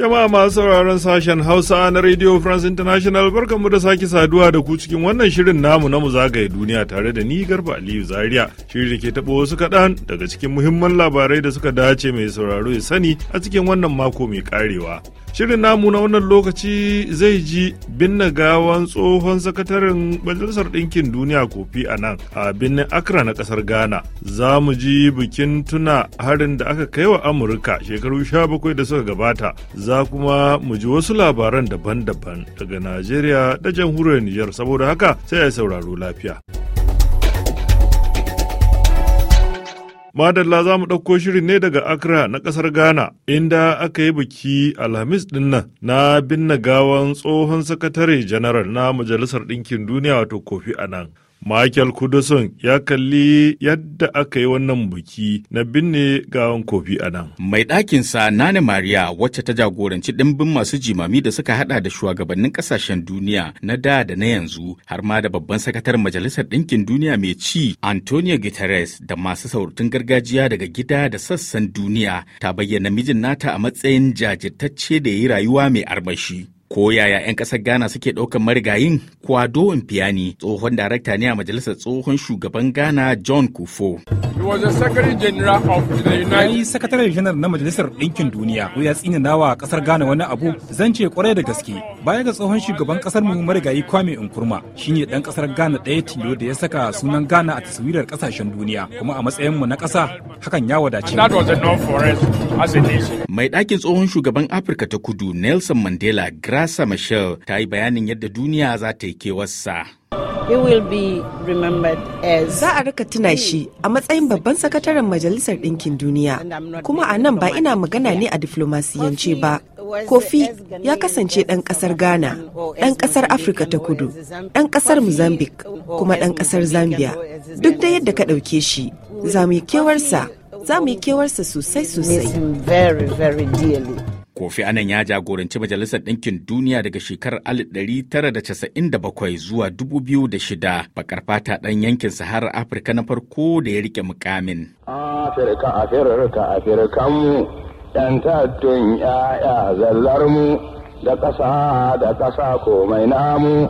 Jama'a masu sauraron sashen Hausa na Radio France International mu da sake saduwa da ku cikin wannan shirin namu na zagaye duniya tare da ni Garba Aliyu Zaria. Shirin da ke taɓo wasu kaɗan daga cikin muhimman labarai da suka dace mai sauraro ya sani a cikin wannan mako mai karewa. Shirin namu na wannan lokaci zai ji binne gawan tsohon sakataren Majalisar Ɗinkin Duniya Kofi a nan a birnin akra na ƙasar Ghana. Za mu ji bikin tuna harin da aka kai wa Amurka shekaru sha bakwai da suka gabata. Za kuma mu ji wasu labaran daban-daban daga Najeriya da jamhuriyar Nijar saboda haka sai a sauraro lafiya. Madalla za mu ɗauko shirin ne daga Accra na ƙasar Ghana, inda aka yi biki Alhamis ɗin na binne gawan tsohon sakatare janaral na Majalisar Ɗinkin Duniya wato Kofi Annan. Michael Kudoson ya kalli yadda aka yi wannan biki na binne gawan kofi a nan. Mai ɗakinsa Nana Maria wacce ta jagoranci ɗimbin masu jimami da suka haɗa da shugabannin ƙasashen duniya na da da na yanzu har ma da babban sakatar Majalisar Ɗinkin Duniya mai ci Antonio Guterres da masu saurutun gargajiya daga gida da sassan duniya ta bayyana mijin nata a matsayin jajirtacce da ya yi rayuwa mai armashi. Ko yaya 'yan kasar Ghana suke ɗaukar marigayin Kwado Mpiani tsohon darakta ne a majalisar tsohon shugaban Ghana John Kufo. Yayi sakataren janar na majalisar ɗinkin duniya ko ya wa ƙasar Ghana wani abu zan ce kwarai da gaske baya ga tsohon shugaban ƙasar mu marigayi Kwame Nkrumah shine ɗan ƙasar Ghana daya tilo da ya saka sunan Ghana a taswirar ƙasashen duniya kuma a matsayin mu na ƙasa hakan ya wadace. Mai ɗakin tsohon shugaban Afirka ta Kudu Nelson Mandela Rasa Michelle ta yi bayanin yadda duniya za ta yi kewarsa. Za a rika tuna shi a matsayin babban sakataren Majalisar Ɗinkin Duniya, kuma a nan ba ina magana ne a diflomasiyance ba. Kofi ya kasance ɗan ƙasar Ghana, ɗan ƙasar Afirka ta kudu, ɗan ƙasar Mozambique, kuma ɗan ƙasar Zambia. Duk da yadda ka ɗauke shi, za mu yi kewarsa, za mu yi kewarsa sosai-sosai. Kofi Anan ya jagoranci Majalisar Ɗinkin Duniya daga shekarar 1997 zuwa 2006 bakar fata ɗan yankin sahara Afirka na farko da ya rike mukamin. Afirka, Afirka, Afirkanmu, ‘yan tattun ‘ya'ya mu da ƙasa da ƙasa ko mai namu,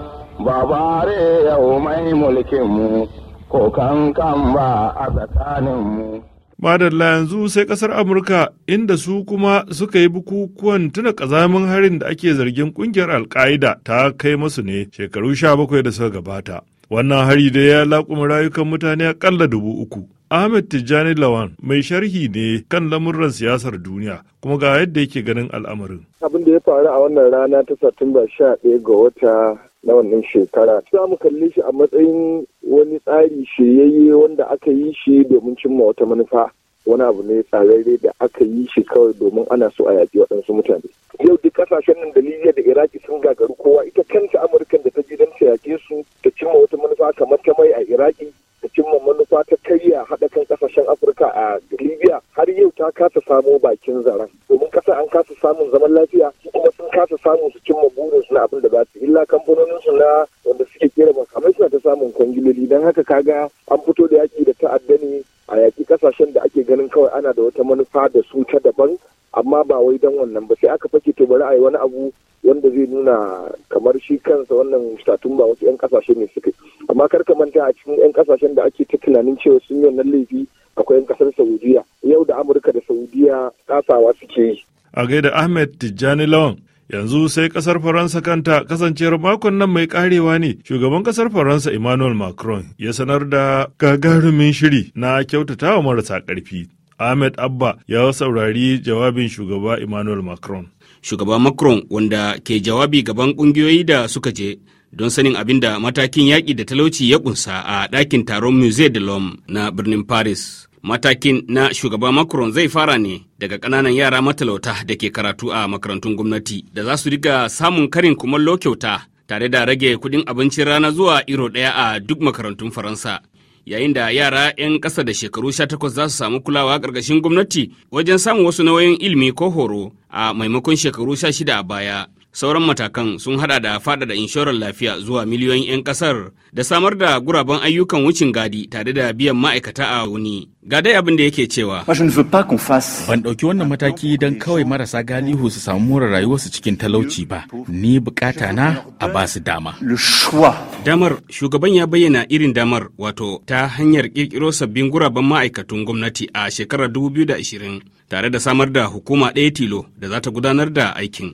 ba bare yau mai mulkinmu, ko kankan ba a tsakaninmu. Madalla yanzu sai kasar Amurka inda su kuma suka yi bukukuwan tuna kazamin harin da ake zargin kungiyar Alka'ida ta kai masu ne shekaru sha bakwai da suka gabata. Wannan hari da ya laƙuma rayukan mutane akalla dubu uku. Ahmed Tijjani Lawan mai sharhi ne kan lamurran siyasar duniya kuma ga yadda yake ganin al'amarin. Abin da ya faru a wannan rana ta Satumba sha ɗaya ga wata na wannan shekara za mu kalle shi a matsayin wani tsari shiryayye wanda aka yi shi domin cimma wata manufa wani abu ne tsararre da aka yi shi kawai domin ana so a yaƙi waɗansu mutane yau duk ƙasashen nan da libya da iraki sun gagaru kowa ita kanta amurkan da ta ji don ta yaƙe su ta cimma wata manufa kamar ta mai a iraki cikin cimma manufa ta karya haɗa kan ƙasashen afirka a libya har yau ta kasa samo bakin zaren domin ƙasa an kasa samun zaman lafiya kuma sun kasa samun su cimma burinsu na abin da ba su illa kamfanoninsu na wanda suke kera kamar suna ta samun kwangiloli don haka kaga an fito da yaƙi da ta'adda ne a yaƙi ƙasashen da ake ganin kawai ana da wata manufa da su ta daban amma ba wai don wannan ba sai aka fake to bari a yi wani abu wanda zai nuna kamar shi kansa wannan statun ba wasu 'yan ƙasashe ne suka amma kar manta a cikin 'yan kasashen da ake ta tunanin cewa sun yi wannan laifi akwai 'yan kasar saudiya yau da amurka da saudiya kasawa suke yi a gaida ahmed tijjani lawan yanzu sai kasar faransa kanta kasancewar makon nan mai karewa ne shugaban kasar faransa emmanuel macron ya sanar da gagarumin shiri na kyautata wa marasa karfi ahmed abba ya saurari jawabin shugaba emmanuel macron shugaba macron wanda ke jawabi gaban kungiyoyi da suka je don sanin abin da matakin yaƙi da talauci ya kunsa a ɗakin taron musée de l'homme na birnin paris matakin na shugaba macron zai fara ne daga ƙananan yara matalauta da ke karatu a makarantun gwamnati da za su riga samun karin kumallo kyauta tare da rage kudin abincin rana zuwa iro ɗaya a duk makarantun faransa yayin da yara 'yan ƙasa da shekaru takwas za su samu kulawa ƙarƙashin gwamnati wajen samun wasu nauyin ilimi ko horo a maimakon shekaru shida a baya Sauran matakan sun hada da fadada inshorar lafiya zuwa miliyoyin 'yan kasar da samar da guraben ayyukan wucin gadi tare da biyan ma'aikata a wuni. Ga abin da yake cewa. Ban ɗauki wannan mataki don kawai marasa galihu su samu more rayuwarsu cikin talauci ba. Ni bukata na a ba su dama. Damar shugaban ya bayyana irin damar wato ta hanyar ƙirƙiro sabbin guraben ma'aikatun gwamnati a shekarar 2020 tare da samar da hukuma ɗaya tilo da za ta gudanar da aikin.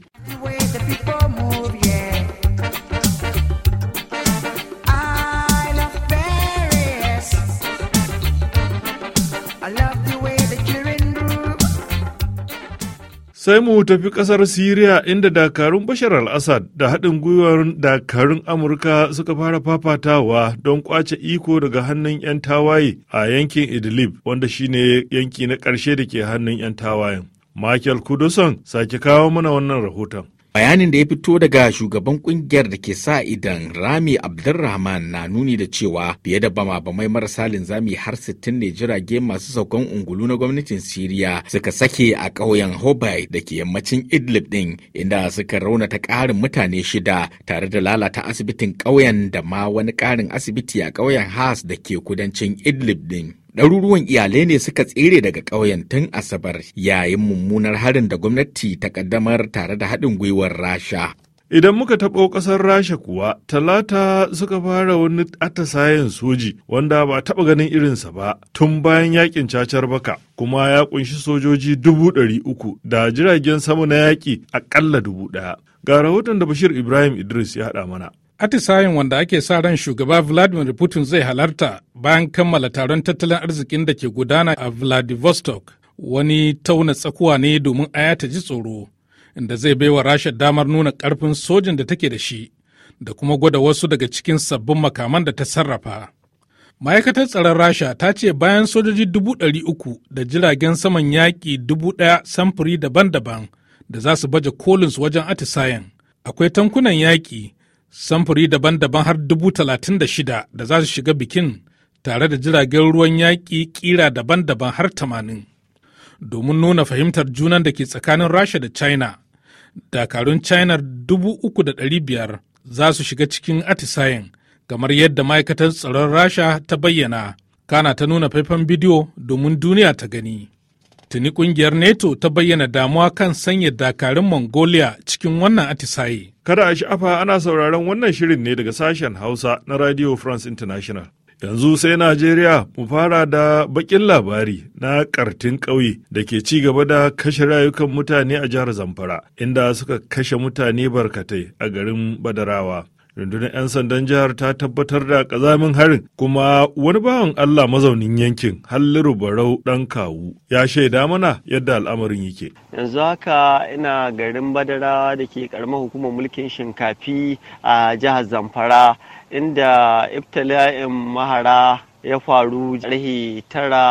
sai mu tafi kasar Siriya inda dakarun Bashar al-Assad da haɗin gwiwar dakarun Amurka suka fara fafatawa don kwace iko daga hannun 'yan tawaye a yankin Idlib wanda shine yanki na ƙarshe da ke hannun 'yan tawayen. Michael Kuduson sake kawo mana wannan rahoton. bayanin da ya fito daga shugaban kungiyar da ke sa idan rami abdulrahman na nuni da cewa fiye da bama bamai marasa linzami har 60 ne jirage masu saukan ungulu na gwamnatin siriya suka sake a ƙauyen hobai da ke yammacin idlib din inda suka raunata ƙarin mutane shida tare da lalata asibitin ƙauyen da ma wani ƙarin asibiti a ƙauyen has da ke kudancin idlib din ɗaruruwan iyalai ne suka tsere daga ƙauyen tun asabar yayin mummunar harin da gwamnati ta ƙaddamar tare da haɗin gwiwar rasha Idan muka taɓo ƙasar Rasha kuwa, Talata suka fara wani atasayen soji wanda ba taɓa ganin irinsa ba tun bayan yakin cacar baka, kuma ya ƙunshi sojoji dubu ɗari uku da jiragen sama na yaƙi aƙalla dubu ɗaya. Ga rahoton da Bashir Ibrahim Idris ya haɗa mana. Atisayen wanda ake sa ran shugaba Vladimir Putin zai halarta bayan kammala taron tattalin arzikin da ke gudana a Vladivostok wani tauna tsakuwa ne domin aya ta ji tsoro inda zai baiwa Rasha damar nuna karfin sojin da take da shi da kuma gwada wasu daga cikin sabbin makaman da ta sarrafa. Ma'aikatar tsaron Rasha ta ce bayan sojoji dubu ɗari uku da jiragen saman yaƙi dubu ɗaya samfuri daban-daban da za su baje kolinsu wajen atisayen akwai tankunan yaƙi samfuri daban-daban har dubu talatin da shida da za su shiga bikin tare da jiragen ruwan yaƙi ƙira daban-daban har tamanin domin nuna fahimtar junan da ke tsakanin rasha da china dakarun china dubu uku da ɗari biyar za su shiga cikin atisayen kamar yadda ma'aikatar tsaron rasha ta bayyana kana ta nuna faifan bidiyo domin duniya ta gani Tuni kungiyar neto ta bayyana damuwa kan sanya dakarun Mongolia cikin wannan atisaye. Kada a sha'afa ana sauraron wannan shirin ne daga sashen Hausa na Radio France International. Yanzu sai Najeriya mu fara da bakin labari na kartin ƙauye da ke ci gaba da kashe rayukan mutane a jihar Zamfara, inda suka kashe mutane barkatai a garin Badarawa. rundunar 'yan sandan jihar ta tabbatar da kazamin harin kuma wani bawan allah mazaunin yankin halliru barau dan kawu ya shaida mana yadda al'amarin yake yanzu haka ina garin badara da ke karamar hukumar mulkin shinkafi a jihar zamfara inda iftila'in mahara ya faru jarhi tara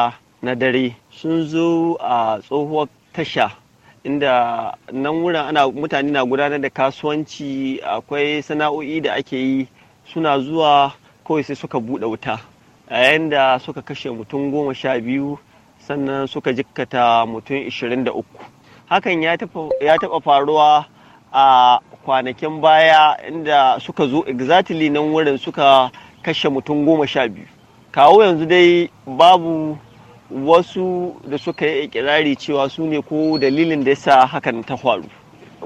na dare sun zo a tsohuwar tasha inda nan wurin ana mutane na gudanar da kasuwanci akwai sana'o'i da ake yi suna zuwa kawai sai suka buɗe wuta a yayin da suka kashe mutum goma sha biyu sannan suka jikkata mutum ishirin da uku hakan ya taɓa faruwa a kwanakin baya inda suka zo exactly nan wurin suka kashe mutum goma sha biyu kawo yanzu dai babu wasu da suka yi ikirari cewa su ne ko dalilin da ya sa hakan ta faru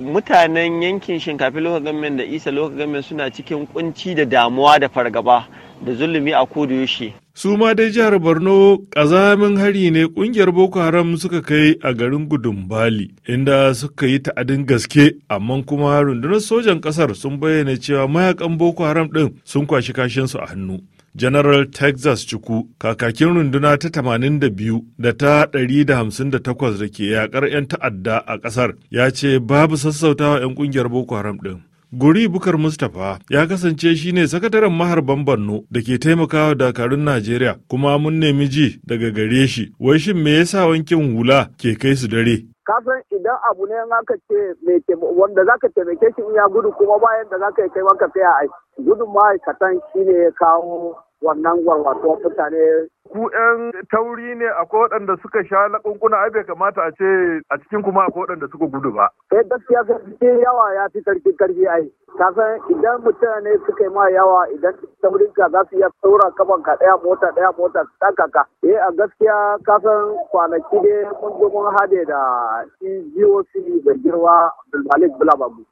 mutanen yankin shinkafi lokacin da isa lokacin suna cikin kunci da damuwa da fargaba da zulumi a kodayaushe. su ma dai jihar borno kazamin hari ne kungiyar boko haram suka kai a garin gudun bali inda suka yi ta'adin gaske amma kuma rundunar sojan kasar sun bayyana cewa mayakan boko haram ɗin sun kwashi kashinsu a hannu General Texas Chuku, kakakin runduna ta 82 da ta 158 da ke yakar 'yan ta'adda a ƙasar, ya ce babu sassautawa 'yan ƙungiyar Boko Haram ɗin. Guri Bukar Mustapha ya kasance shi ne sakataren maharban Borno da ke taimakawa dakarun Najeriya kuma mun nemi ji daga gare shi, wai shin me yasa wankin hula ke kai su dare? kasan idan abu ne aka ce mai wanda zaka taimake shi in ya gudu kuma bayan da zaka kai maka fiya a gudun ma'aikatan shi ne ya kawo wannan warwato mutane ku yan tauri ne akwai waɗanda suka sha laƙunƙuna ai bai kamata a ce a cikin kuma akwai waɗanda suka gudu ba. Eh gaskiya fi yawa ya fi karfi karfi ai. Ka san idan mutane suka yi ma yawa idan taurin ka za su iya saura kaban ka ɗaya mota ɗaya mota su ka. Eh a gaskiya ka san kwanaki dai mun zo mun hade da GOC da girwa Abdulmalik Bulababu.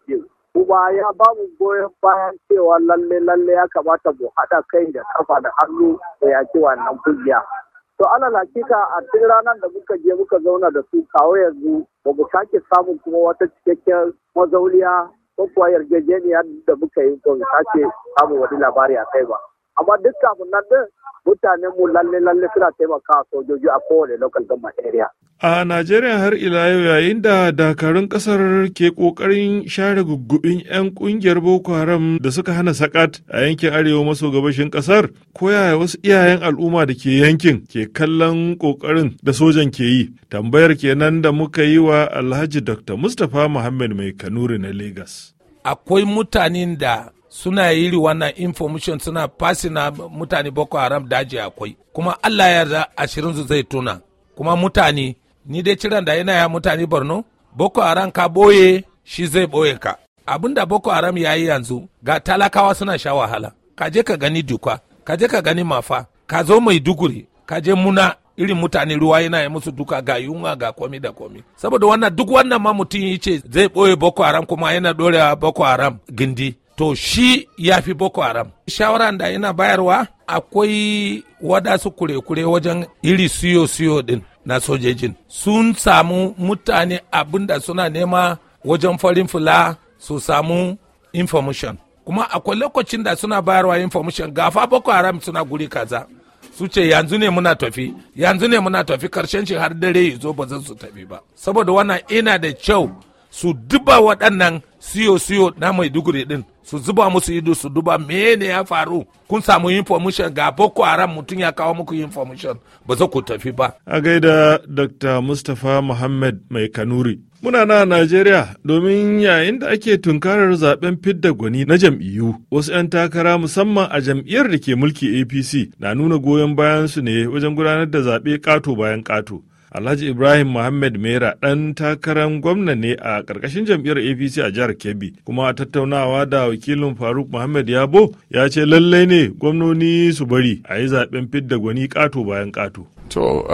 kuma ya ba mu goyon bayan cewa lalle lalle ya kamata mu haɗa kai da kafa da hannu da yaki wannan kungiya to alal hakika a cikin ranar da muka je muka zauna da su kawo yanzu ba mu sake samun kuma wata cikakken mazauniya ko kuwa yarjejeniyar da muka yi ba mu sake samun wani labari a kai ba amma duk kafin nan din mutanen mu lalle lalle suna taimaka sojoji a kowane local government area a najeriya har ila yau yayin da dakarun kasar ke kokarin share guggubin yan kungiyar boko haram da suka hana sakat a yankin arewa maso gabashin kasar yaya wasu iyayen al'umma da ke yankin ke kallon kokarin da sojan ke yi tambayar kenan da muka yi wa alhaji dr mustapha muhammad mai kanuri na lagos akwai mutanen da suna yi wannan information suna fasi na mutane boko haram daji akwai kuma allah ya za ashirin su zai tuna kuma mutane ni dai ciran da yana ya mutane borno boko haram ka boye shi zai boye ka abin da boko haram ya yi yanzu ga talakawa suna sha wahala ka je ka gani duka ka je ka gani mafa ka zo mai duguri ka je muna irin mutane ruwa yana yi musu duka ga yunwa ga komi da komi saboda wannan duk wannan ma mutum yi ce zai boye boko haram kuma yana dorewa boko haram gindi to shi ya fi boko haram shawara da yana bayarwa akwai wadasu kure-kure wajen iri siyo-siyo din na sojejin sun samu mutane abinda da suna nema wajen farin fula su samu information kuma akwai lokacin da suna bayarwa information gafa boko haram suna guri kaza su ce yanzu ne muna tafi yanzu ne muna tafi karshen shi har dare zo ba zan su tafi ba saboda wannan ina da kyau su duba waɗannan siyo-siyo na mai maiduguri ɗin su zuba musu ido su duba mene ya faru kun samu information ga boko haram mutum ya kawo muku information ba za ku tafi ba a gaida dr mustapha muhammad mai kanuri muna na najeriya domin yayin da ake tunkarar zaben fidda gwani na jam'iyyu wasu 'yan takara musamman a jam'iyyar da ke mulki apc na nuna goyon bayansu ne wajen gudanar da zaɓe ƙato bayan ƙato Alhaji Ibrahim Muhammad Mera ɗan takarar gwamna ne a ƙarƙashin jam'iyyar APC a jihar Kebbi kuma tattaunawa da wakilin Faruk Muhammad Yabo ya ce lallai ne gwamnoni su bari a yi zaben fidda gwani ƙato bayan ƙato. To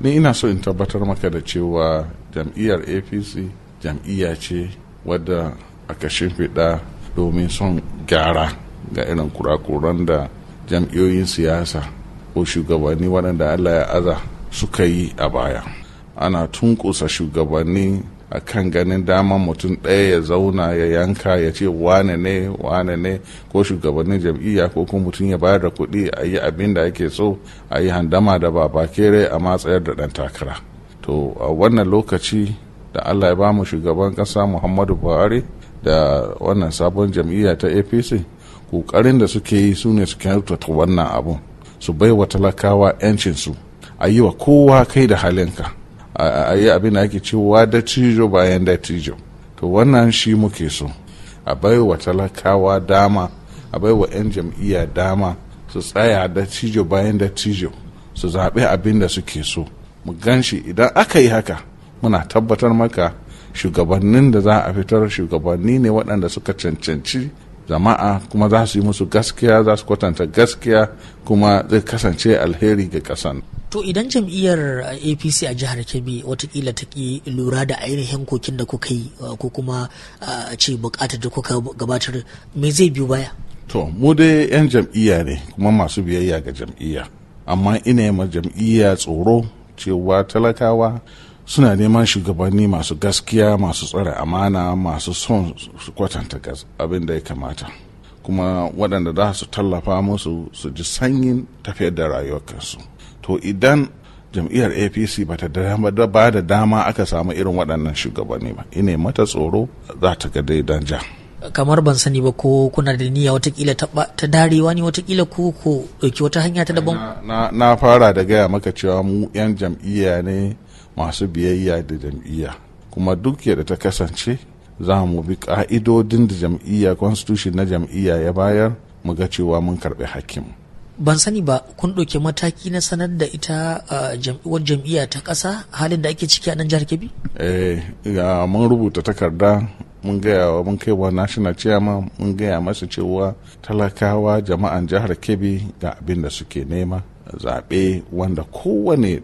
ni ina so in tabbatar maka da cewa jam'iyyar APC jam'iyya ce wadda aka shimfiɗa domin son gyara ga irin kurakuran da jam'iyyoyin siyasa ko shugabanni waɗanda Allah ya aza suka yi a baya ana tunkusa shugabanni a kan ganin dama mutum ɗaya ya zauna ya yanka ya ce wane ne wane ne ko shugabannin jam'iyya ko kuma mutum ya bayar da kuɗi a yi abin da ake so a yi handama da baba kere a matsayar da ɗan takara to a wannan lokaci da allah ya ba mu shugaban ƙasa muhammadu buhari da wannan sabon jam'iyya ta apc ƙoƙarin da suke yi su ne suke wannan abun su bai wa talakawa 'yancinsu a yi wa kowa kai da halinka a yi abin da ake cewa da tijo bayan da tijo to wannan shi muke so a bai wa talakawa dama a bai wa 'yan jam'iyya dama su tsaya da tijo bayan da tijo su zaɓi abin da suke so mu gan shi idan aka yi haka muna tabbatar maka shugabannin da za a fitar shugabanni ne waɗanda suka cancanci jama'a kuma za su yi musu gaskiya za su kwatanta gaskiya kuma zai kasance alheri ga kasan. To idan jam'iyyar eh, APC a jihar Kebbi watakila ta ki lura da ainihin kokin da kuka yi eh, ko kuma a eh, ce bukatar da kuka gabatar me zai biyu baya? To mu dai 'yan jam'iyya ne kuma masu biyayya ga jam'iyya amma ina yi ma jam'iyya tsoro cewa talakawa suna neman shugabanni masu gaskiya masu tsare amana masu son su kwatanta abin da ya kamata kuma waɗanda za su tallafa musu su ji sanyin tafiyar da rayuwar kansu. to idan jam'iyyar apc ba ta ba da dama aka samu irin waɗannan shugabanni ba ine mata tsoro za ta ga daidan ja kamar ban sani ba ko kuna da niyya watakila ta darewa ne watakila ko ko ɗauki wata hanya ta daban na fara da gaya maka cewa mu 'yan jam'iyya ne masu biyayya da jam'iyya kuma duk yadda ta kasance za mu bi ka'idodin da jam'iyya constitution na jam'iyya ya bayar mu ga cewa mun karbi hakim ban sani ba kun ɗauke mataki na sanar da ita jam'iyyar jam'iyya ta ƙasa halin da ake ciki a nan jihar kebbi eh mun rubuta takarda mun gaya wa mun kai wa national chairman mun gaya masa cewa talakawa jama'an jihar kebbi ga abin da suke nema zaɓe wanda kowane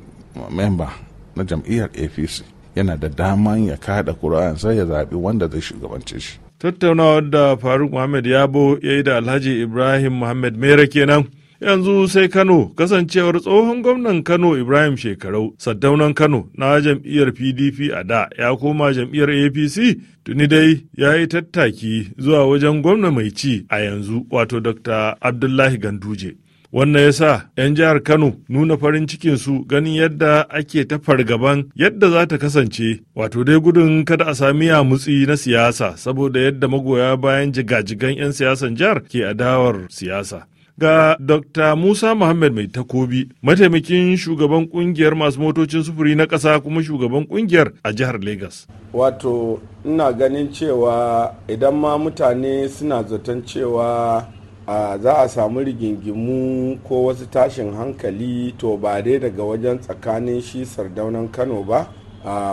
memba na jam'iyyar apc yana da daman ya kada sai ya zaɓi wanda zai shugabance shi tattaunawar da faruk muhammad yabo ya yi da alhaji ibrahim muhammad mera kenan yanzu sai kano kasancewar tsohon gwamnan kano ibrahim shekarau sattaunan kano na jam'iyyar pdp a da ya koma jam'iyyar apc tuni dai ya yi tattaki zuwa wajen gwamna mai ci a yanzu wato dr abdullahi ganduje Wannan ya sa 'yan jihar Kano nuna farin cikinsu ganin yadda ake ta fargaban yadda za ta kasance, wato dai gudun kada a sami mutsi na siyasa saboda yadda magoya bayan jigajigan 'yan siyasan jihar ke adawar siyasa. ga Dr. Musa Muhammad Mai Takobi, mataimakin shugaban kungiyar masu motocin sufuri na ƙasa kuma shugaban kungiyar a jihar Legas. Wato, ina ganin cewa idan ma mutane suna zaton cewa a za a samu rigingimu ko wasu tashin hankali to ba dai daga wajen tsakanin shi sardaunan kano ba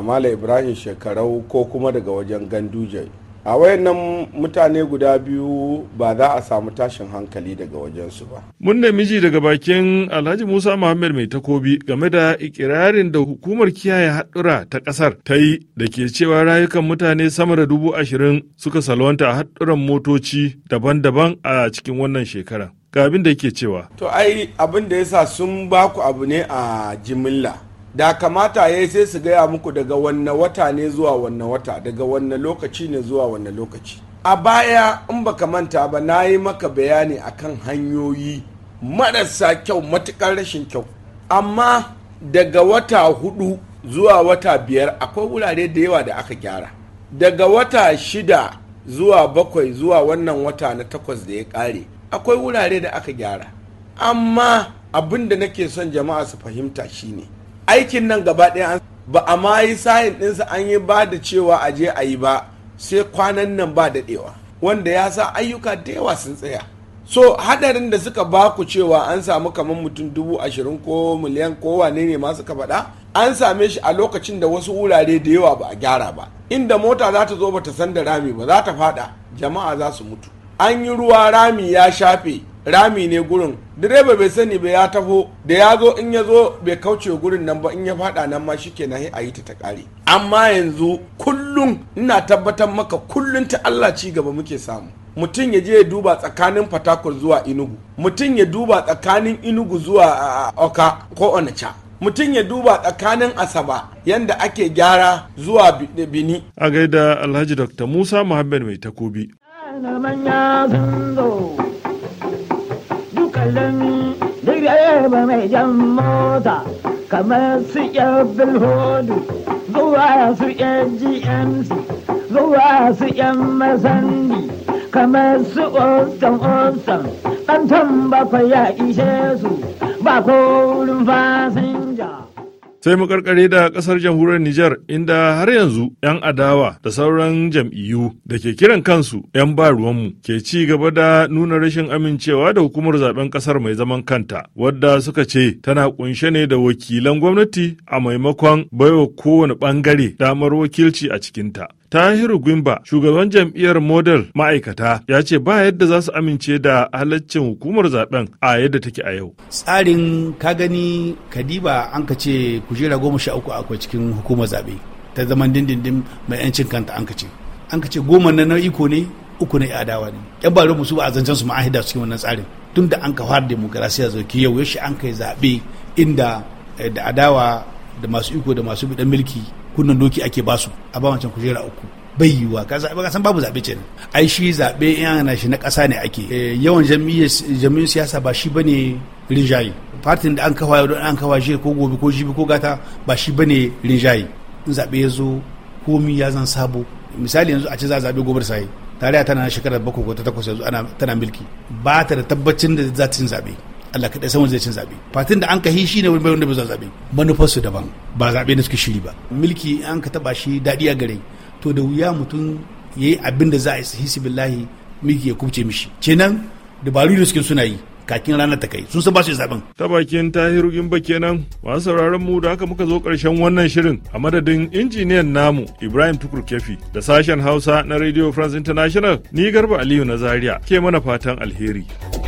mala ibrahim shekarau ko kuma daga wajen ganduje a wayannan mutane guda biyu ba za a samu tashin hankali daga wajensu ba. Mun nemi daga bakin Alhaji Musa Muhammad mai takobi game da ikirarin da hukumar kiyaye haɗura ta ƙasar ta yi da ke cewa rayukan mutane sama da dubu ashirin suka salwanta a haɗuran motoci daban-daban a cikin wannan shekara. Ga abin da yake cewa. To ai abin da yasa sun baku abu ne a jimilla. da kamata ya sai su gaya muku daga wanne wata ne zuwa wanne wata daga wanne lokaci ne zuwa wanne lokaci a baya in baka manta ba na yi maka bayani akan hanyoyi marasa kyau matukar rashin kyau amma daga wata hudu zuwa wata biyar akwai wurare da yawa da aka gyara daga wata shida zuwa bakwai zuwa wannan wata na takwas da ya kare akwai wurare da aka gyara amma abin da nake son jama'a su fahimta shine aikin nan gaba ɗaya ba a ma yi sayin ɗinsa an yi ba da cewa a je a yi ba sai kwanan nan ba daɗewa wanda ya sa ayyuka da yawa sun tsaya so hadarin da suka baku cewa an samu kamar mutum dubu ashirin ko miliyan ko wane ne masu ka faɗa an same shi a lokacin da wasu wurare da yawa ba a gyara ba inda mota za ta zo ba ta san da rami ba za ta faɗa jama'a za su mutu an yi ruwa rami ya shafe rami ne gurin direba bai sani ba ya taho da ya zo in ya zo bai kauce gurin nan ba in ya fada nan ma na a yi ta ta kare amma yanzu kullum ina tabbatar maka kullum ta Allah ci gaba muke samu mutum ya je ya duba tsakanin fatakur zuwa inugu mutum ya duba tsakanin inugu zuwa oka ko onacha mutum ya duba tsakanin asaba yadda ake gyara zuwa bini a gaida alhaji dr musa muhammed mai takobi kalami direba mai jan mota kamar su yabil hodu zuwa su yan gmc zuwa su yan masandi kamar su ostan ostan ɗan tamba ya ishe su ba ko wurin fasinja sai mu karkare da kasar jamhuriyar Nijar inda har yanzu 'yan adawa da sauran jam'iyyu da ke kiran kansu 'yan ba ruwanmu ke ci gaba da nuna rashin amincewa da hukumar zaben kasar mai zaman kanta wadda suka ce tana kunshe ne da wakilan gwamnati a maimakon baiwa kowane bangare damar wakilci a cikinta. Tahiru Gwimba, shugaban jam'iyyar Model ma'aikata, ya ce ba yadda za su amince da halaccin hukumar zaben a yadda take a yau. Tsarin ka gani Kadiba an ka ce kujera goma sha uku akwai cikin hukumar zaɓe ta zaman dindindin mai 'yancin kanta an ka ce. An ka ce goma na iko ne uku na adawa ne. Yan ba su ba a zancen su ma'ahida cikin wannan tsarin. Tun da an ka fara demokarasiya zauki yau yaushe an kai zaɓe inda eh, da adawa da masu iko da masu bidan mulki kunnan doki ake basu a ba wancan kujera uku bai yiwa ka zaɓe san babu zaɓe ce ai shi zaɓe yana shi na ƙasa ne ake eh, yawan jami'in siyasa ba shi bane rinjaye fatin da an kawa yau an kawa shi ko gobe ko jibi ko gata ba shi bane rinjaye in zaɓe ya zo komi ya zan sabo misali yanzu a ce za a zaɓe gobar sayi tarayya tana shekarar bakwai ko ta takwas yanzu ana tana milki ba ta da tabbacin da za ta cin zaɓe Allah kaɗai san wanda zai cin zaɓe fatin da an ka hi ne wani wanda ba za zaɓe manufarsu daban ba zaɓe na suke shiri ba mulki an ka taɓa shi daɗi a gare to da wuya mutum ya yi abin da za a yi billahi mulki ya kubce mishi kenan dabaru da suke suna yi kakin ranar ta kai sun san ba su zaɓen. Ta bakin Tahiru Gimba kenan masu sauraron mu da haka muka zo karshen wannan shirin a madadin injiniyan namu Ibrahim Tukur Kefi da sashen Hausa na Radio France International ni Garba Aliyu na Zaria ke mana fatan alheri.